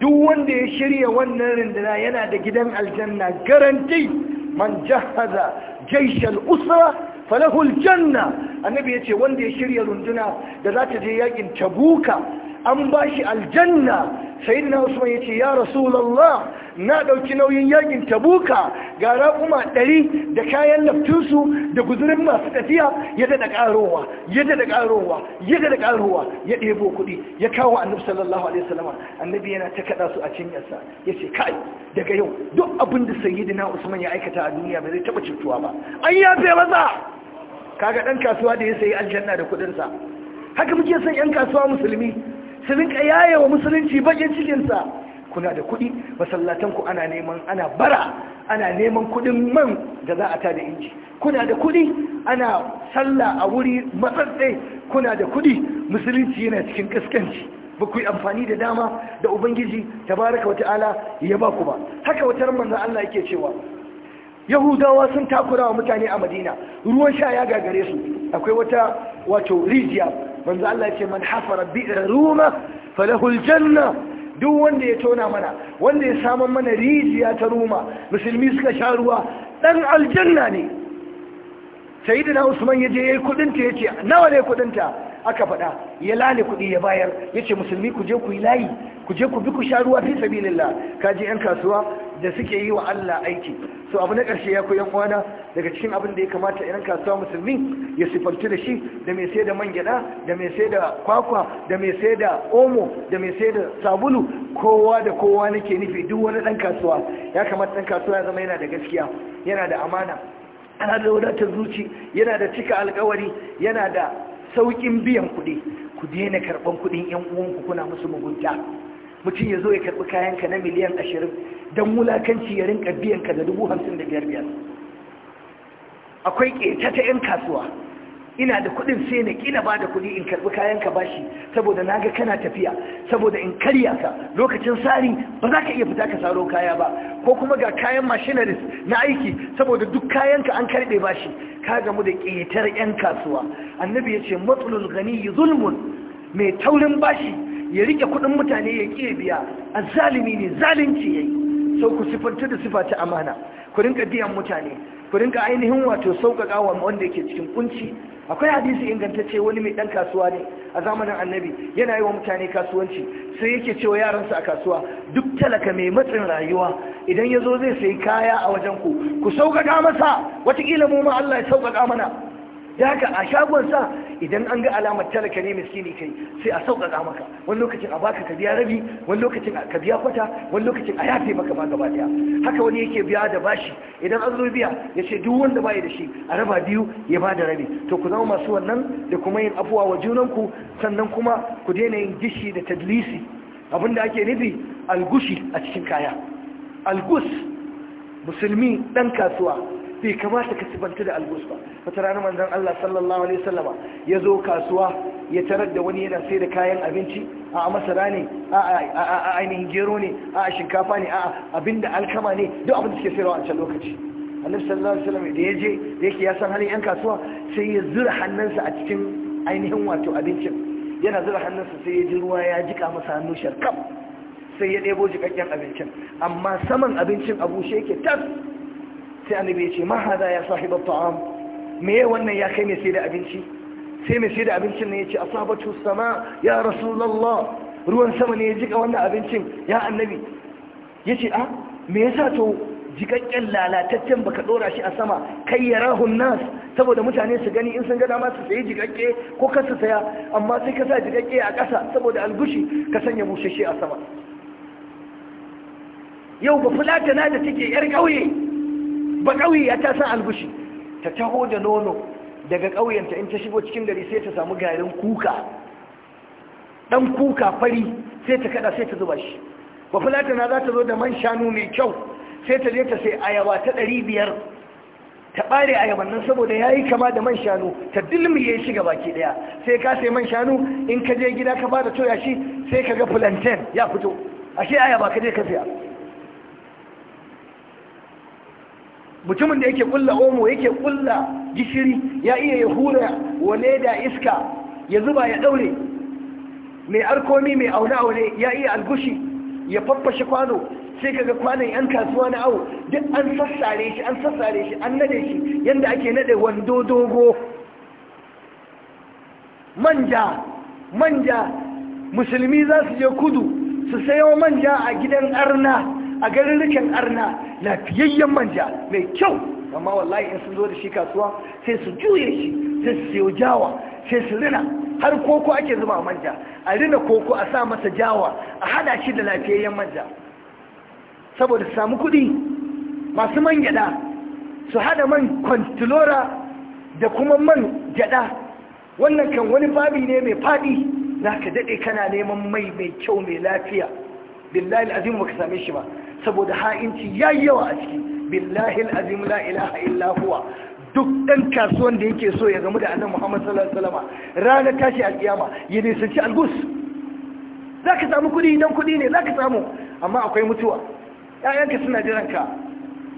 duk wanda ya shirya wannan rinduna yana da gidan aljanna garanti man jahaza jaishal usra falahul janna annabi yace wanda ya shirya runduna da za ta je yakin tabuka an ba shi aljanna sai na usman ya ce ya rasulallah na ɗauki nauyin yakin tabuka ga raƙuma ɗari da kayan laftinsu da guzurin masu tafiya ya daɗa ƙarowa ya daɗa ƙarowa ya daɗa ƙarowa ya ɗebo kuɗi ya kawo annabi sallallahu alaihi wasallam annabi yana ta kaɗa su a cinyarsa ya ce kai daga yau duk abin da sayyidina usman ya aikata a duniya ba zai taɓa cutuwa ba an yafe maza kaga ɗan kasuwa da ya sayi aljanna da kuɗinsa haka muke son 'yan kasuwa musulmi su yaye wa musulunci bakin cikinsa kuna da kuɗi masallatanku ana neman ana bara ana neman kuɗin man da za a ta da inji kuna da kuɗi ana sallah a wuri matsatse kuna da kuɗi musulunci yana cikin kaskanci ba ku yi amfani da dama da ubangiji tabaraka wata'ala ya ba ku ba haka wata manzo Allah yake cewa yahudawa sun takura wa mutane a madina ruwan sha ya gagare su akwai wata wato rijiya manzo Allah ce man hafara bi'r ruma falahu janna duk wanda ya tona mana wanda ya saman mana rijiya ta ruma musulmi suka sha ruwa dan aljanna ne sayyidina usman ya je yi kudin ta yace nawa ne kudin aka faɗa ya lale kudi ya bayar yace musulmi ku je ku yi layi ku je ku bi ku sha ruwa fi sabilillah kaje yan kasuwa da suke yi wa Allah aiki so abu na ƙarshe ya koyan kwana daga cikin abin da ya kamata irin kasuwa musulmi ya sifarci da shi da mai sai da man gyaɗa da mai sai da kwakwa da mai sai da omo da mai sai da sabulu kowa da kowa nake nufi duk wani ɗan kasuwa ya kamata ɗan kasuwa ya zama yana da gaskiya yana da amana ana da wadatar zuci yana da cika alkawari yana da sauƙin biyan kuɗi ku daina karɓan kuɗin 'yan uwanku kuna musu mugunta mutum ya zo ya karɓi kayanka na miliyan ashirin don wulakanci ya rinka biyanka da dubu hamsin da biyar biyar akwai ƙeta ta 'yan kasuwa ina da kuɗin sai na ƙina ba da kuɗi in karɓi kayanka bashi saboda na ga kana tafiya saboda in karya ka lokacin tsari ba za ka iya fita ka saro kaya ba ko kuma ga kayan mashinaris na aiki saboda duk kayanka an karɓe bashi ka gamu da ƙetar 'yan kasuwa annabi ya ce matsalul gani zulmun mai taurin bashi ya rike kuɗin mutane ya ƙi biya A zalimi ne zalunci yi sau ku sifanta da sifata amana ku rinka biyan mutane ku rinka ainihin wato sauƙaƙa wa wanda yake cikin kunci akwai hadisi ingantacce wani mai ɗan kasuwa ne a zamanin annabi yana yi wa mutane kasuwanci sai yake cewa yaransa a kasuwa duk talaka mai matsin rayuwa idan ya zo zai sayi kaya a wajen ku ku sauƙaƙa masa wataƙila mu ma Allah ya sauƙaƙa mana da haka a sa, idan an ga alamar talaka ne miskini kai sai a sauƙaƙa maka wani lokacin a baka ka biya rabi wani lokacin ka biya kwata wani lokacin a yafe maka ba gaba daya haka wani yake biya da bashi idan an zo biya ya ce duk wanda bai da shi a raba biyu ya ba da rabi to ku zama masu wannan da kuma yin afuwa wa junanku sannan kuma ku daina yin gishi da tadlisi abinda ake nufi algushi a cikin kaya algus musulmi ɗan kasuwa bai kamata ka sifanta da algus ba wata rana manzon Allah sallallahu alaihi ya zo kasuwa ya tarar da wani yana sai da kayan abinci a masara ne a ainihin gero ne a shinkafa ne a abinda alkama ne duk abin da suke sayarwa a can lokaci annabi sallallahu alaihi da ya je da yake ya san halin yan kasuwa sai ya zura hannunsa a cikin ainihin wato abincin yana zura hannunsa sai ya ji ruwa ya jika masa hannu sharkam sai ya ɗebo jikakken abincin amma saman abincin Abu bushe yake tas sai annabi ya ce ma hada ya sahibar ta'am me wannan ya kai mai sai da abinci sai mai sai da abincin ne ya ce asabatu sama ya rasulullah ruwan sama ne ya jika wannan abincin ya annabi ya ce a ah, me yasa to jikakken lalataccen baka dora shi a sama kai ya rahun nas saboda mutane su gani in sun gada ma su sayi jikakke ko ka su saya amma sai ka sa jikakke a ƙasa saboda algushi ka sanya shi a sama yau ba fulatana da take yar ƙauye ba ya ta san albushi ta taho da nono daga ƙauyenta in ta shigo cikin gari sai ta samu garin kuka ɗan kuka fari sai ta kada sai ta zuba shi ba fulatana za ta zo da man shanu mai kyau sai ta je ta sai ayaba ta ɗari biyar ta ɓare ayaban nan saboda ya yi kama da man shanu ta dilmiye shi shiga baki ɗaya sai ka sai man shanu in ka je gida ka fara toya shi sai ka ga plantain ya fito ashe ayaba ka je ka saya mutumin da yake kulla omo yake kulla gishiri ya iya ya hura wa leda iska ya zuba ya daure mai arkomi mai aune-aune ya iya algushi ya faffashe kwano sai kaga kwanan yan kasuwa na awo duk an sassare shi an sassare shi an nade shi yanda ake nade wando dogo manja manja musulmi za su je kudu su sayo manja a gidan arna a garin rikin arna lafiyayyen manja mai kyau amma wallahi in sun zo da shi kasuwa sai su juye shi sai su siyo jawa sai su rina har koko ake zuba manja a rina koko a sa masa jawa a hada shi da lafiyayyen manja saboda su samu kuɗi masu man gyada su hada man kwantilora da kuma man gyada wannan kan wani babi ne mai faɗi na ka daɗe kana neman mai mai kyau mai lafiya billahi alazim baka same shi ba saboda ha'inci yayi yawa a ciki billahi alazim la ilaha illa huwa duk dan kasuwan da yake so ya gamu da annabi Muhammad sallallahu alaihi wasallam ranar tashi alkiyama ya nisanci algus zaka samu kudi idan kudi ne zaka samu amma akwai mutuwa ƴaƴanka suna jiran ka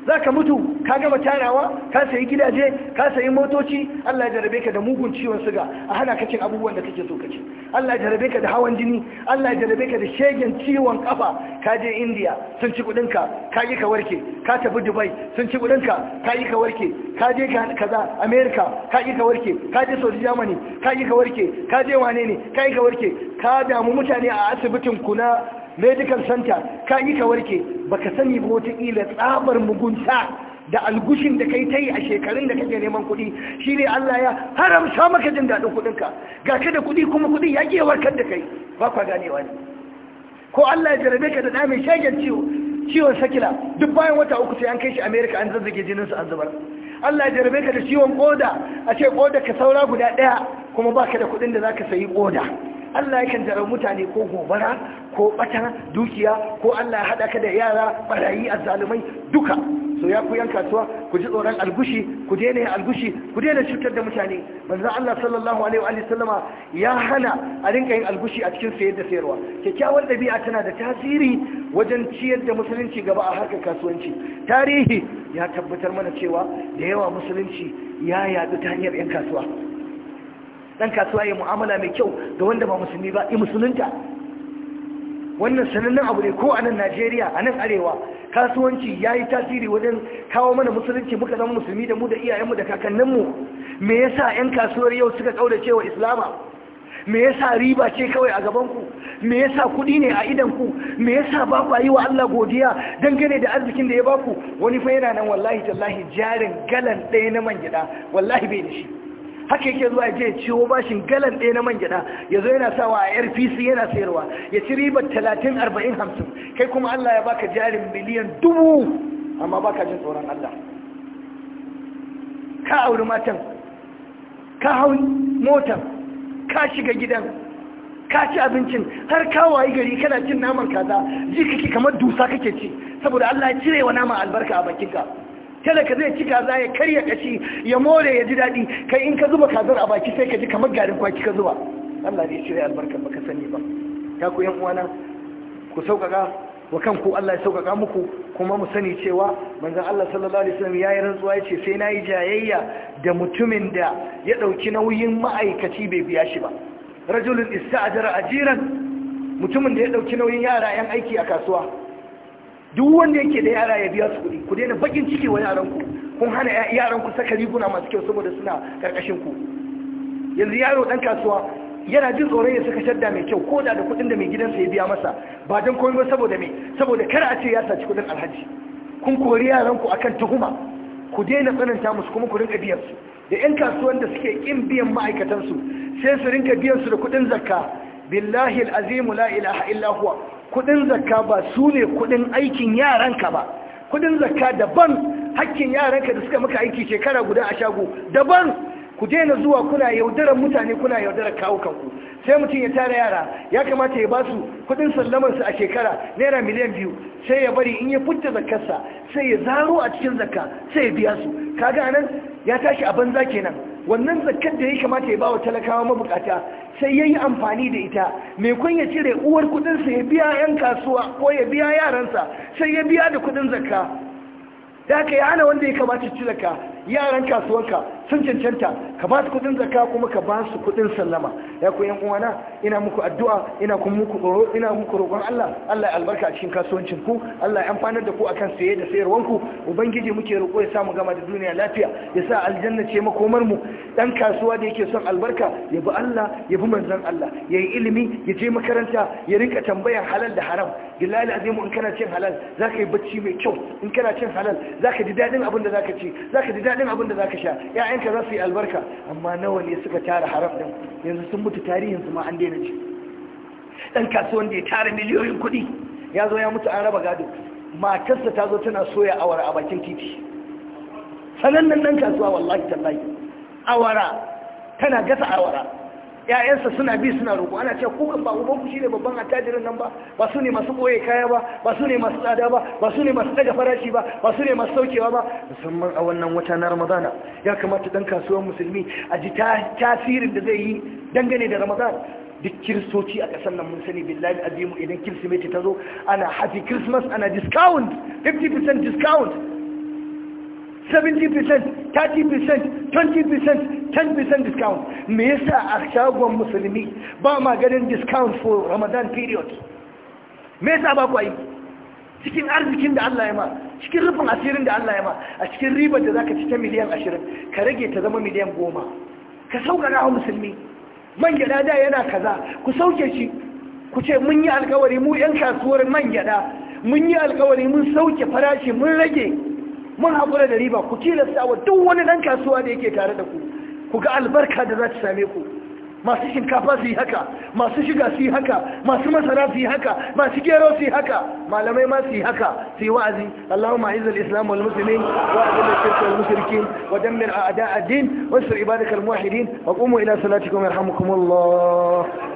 za ka mutu ka gama tarawa ka sayi gidaje ka sayi motoci Allah ya jarabe ka da mugun ciwon suga a hana ka cin abubuwan da kake so ka ci Allah ya jarabe ka da hawan jini Allah ya jarabe ka da shegen ciwon kafa ka je India sun ci kudin ka ka yi ka warke ka tafi Dubai sun ci kudin ka ka yi ka warke ka je kaza America ka yi ka warke ka je Saudi Germany ka yi ka warke ka je wane ne ka yi ka warke ka damu mutane a asibitin ku medical center ka yi ka warke baka sani ba wata ila tsabar mugunta da algushin da kai ta yi a shekarun da kake neman kuɗi shi ne Allah ya haramta maka jin daɗin kuɗinka ga ka da kuɗi kuma kuɗi ya ke warkar da kai ba kwa ganewa ne ko Allah ya jarabe ka da ɗa mai shagen ciwo ciwon sakila duk bayan wata uku sai an kai shi amerika an zazzage jinin an zubar allah ya jarabe ka da ciwon koda a ce koda ka saura guda ɗaya kuma baka da kuɗin da za ka sayi koda Allah ya kan jarar mutane ko gobara ko bata dukiya ko Allah ya hada ka da yara barayi zalumai duka so ya ku yan kasuwa ku ji tsoron algushi ku daina yin algushi ku daina cutar da mutane manzo Allah sallallahu alaihi wa sallama ya hana a rinka yin algushi a cikin sayar da sayarwa kyakkyawar dabi'a tana da tasiri wajen ciyar da musulunci gaba a harkar kasuwanci tarihi ya tabbatar mana cewa da yawa musulunci ya yadu ta hanyar yan kasuwa dan kasuwa ya mu'amala mai kyau ga wanda ba musulmi ba i musulunta wannan sanannen abu ne ko a nan Najeriya a nan arewa kasuwanci ya yi tasiri wajen kawo mana musulunci muka zama musulmi da mu da iyayenmu da kakanninmu me yasa 'yan kasuwar yau suka kaurace wa islama me yasa riba ce kawai a gabanku me yasa kuɗi ne a ku? me yasa ba ku yi wa Allah godiya dangane da arzikin da ya baku wani fa yana nan wallahi tallahi jarin galan ɗaya na man gida wallahi bai da shi haka yake zuwa ya je ciwo bashin galan ɗaya na man gyaɗa ya zo yana sawa a rpc yana sayarwa ya ci ribar talatin arba'in hamsin kai kuma allah ya baka jarin miliyan dubu amma baka jin tsoron allah ka auri matan ka hau motan ka shiga gidan ka ci abincin har ka wayi gari kana cin naman kaza ji kake kamar dusa kake ci saboda allah ya cire wa nama albarka a bakinka ka zai ci kaza ya karya kashi ya more ya ji daɗi kai in ka zuba kazar a baki sai ka ji kamar garin kwaki ka zuba Allah ne shirya albarkar baka sani ba ta ku yan uwana ku sauƙaƙa wa kanku Allah ya sauƙaƙa muku kuma mu sani cewa manzon Allah sallallahu alaihi wasallam yayi rantsuwa yace sai nayi jayayya da mutumin da ya dauki nauyin ma'aikaci bai biya shi ba rajulun ista'jara ajiran mutumin da ya dauki nauyin yara yan aiki a kasuwa duk wanda yake da yara ya biya su kuɗi ku daina bakin ciki wa yaranku kun hana yaranku saka riguna masu kyau saboda suna karkashin ku yanzu yaro dan kasuwa yana jin tsoron ya saka shadda mai kyau ko da da kuɗin da mai gidansa ya biya masa ba don komai ba saboda me saboda kar a ce ya saci kuɗin alhaji kun kori yaranku akan tuhuma ku daina tsananta musu kuma ku rinka biyan su da yan kasuwan da suke kin biyan ma'aikatan su, sai su rinka biyan su da kuɗin zakka billahi alazim la ilaha illa huwa kudin zakka ba su ne kudin aikin yaranka ba kudin zakka daban hakkin yaranka da suka maka aiki shekara guda a shago daban ku daina zuwa kuna yaudarar mutane kuna yaudarar kawo kanku sai mutum ya tara yara ya kamata ya ba basu kudin sallamansu a shekara naira miliyan biyu sai ya bari in ya fita zakarsa sai ya zaro a cikin zakka sai ya biya su kaga nan ya tashi a banza kenan wannan zakkar da ya kamata ya bawa talakawa mabukata sai ya yi amfani da ita mai kun ya cire uwar kudinsa ya biya 'yan kasuwa ko ya biya yaransa sai ya biya da kudin zakka da aka yi hana wanda ya kamata ci zakka yaran kasuwanka sun cancanta ka ba su kudin zaka kuma ka ba su kudin sallama ya ku yan uwana ina muku addu'a ina kuma muku tsoro ina muku roƙon Allah Allah ya albarka a cikin kasuwancin ku Allah ya amfanar da ku akan saye da sayarwan ku ubangiji muke roƙo ya sa mu gama da duniya lafiya ya sa aljanna ce makomar mu dan kasuwa da yake son albarka ya bi Allah ya bi manzon Allah ya yi ilimi ya je makaranta ya rinka tambayar halal da haram billahi azimu in kana cin halal zaka yi bacci mai kyau in kana cin halal zaka ji dadin abin da zaka ci zaka ji daɗin abin da za ka sha ‘ya'yanka za su yi albarka amma nawa ne suka tara haram ɗin yanzu sun mutu tarihinsu ma an daina ci ɗan kasuwan da ya tara miliyoyin kuɗi ya zo ya mutu an raba gado matarsa ta zo tana soya awara a bakin titi sanannen ɗan kasuwa wallahi tallahi awara tana gasa awara Ya'yansa suna bi suna roƙo ana cewa ku ba uban ku shine babban attajirin nan ba ba su ne masu ɓoye kaya ba ba su ne masu tsada ba ba su ne masu daga farashi ba ba su ne masu saukewa ba musamman a wannan wata na ramadana ya kamata dan kasuwar musulmi a ji tasirin da zai yi dangane da ramadana duk kiristoci a ƙasar nan mun sani billahi azimu idan kirsimeti ta zo ana happy christmas ana discount 50% discount 70% 30% 20% 10% discount me yasa a shagon musulmi ba ma ganin discount for ramadan period me yasa ba kwayi cikin arzikin da Allah ya ma cikin rufin asirin da Allah ya ma a cikin riba da zaka ci ta miliyan 20 ka rage ta zama miliyan goma. ka sauƙaƙa wa musulmi man gyada da yana kaza ku sauke shi ku ce mun yi alkawari mu 'yan kasuwar man gyada mun yi alkawari mun sauke farashi mun rage mun haƙura da riba ku tilasta wa duk wani ɗan kasuwa da yake tare da ku ku ga albarka da za ta same ku masu shinkafa su yi haka masu shiga su yi haka masu masara su yi haka masu gero su yi haka malamai ma su yi haka su yi wa'azi Allahumma aiz al-islam wal muslimin wa azil al-shirk wal mushrikin wa dammir a'da ad-din wa ibadakal muwahhidin wa qumu ila salatikum yarhamukumullah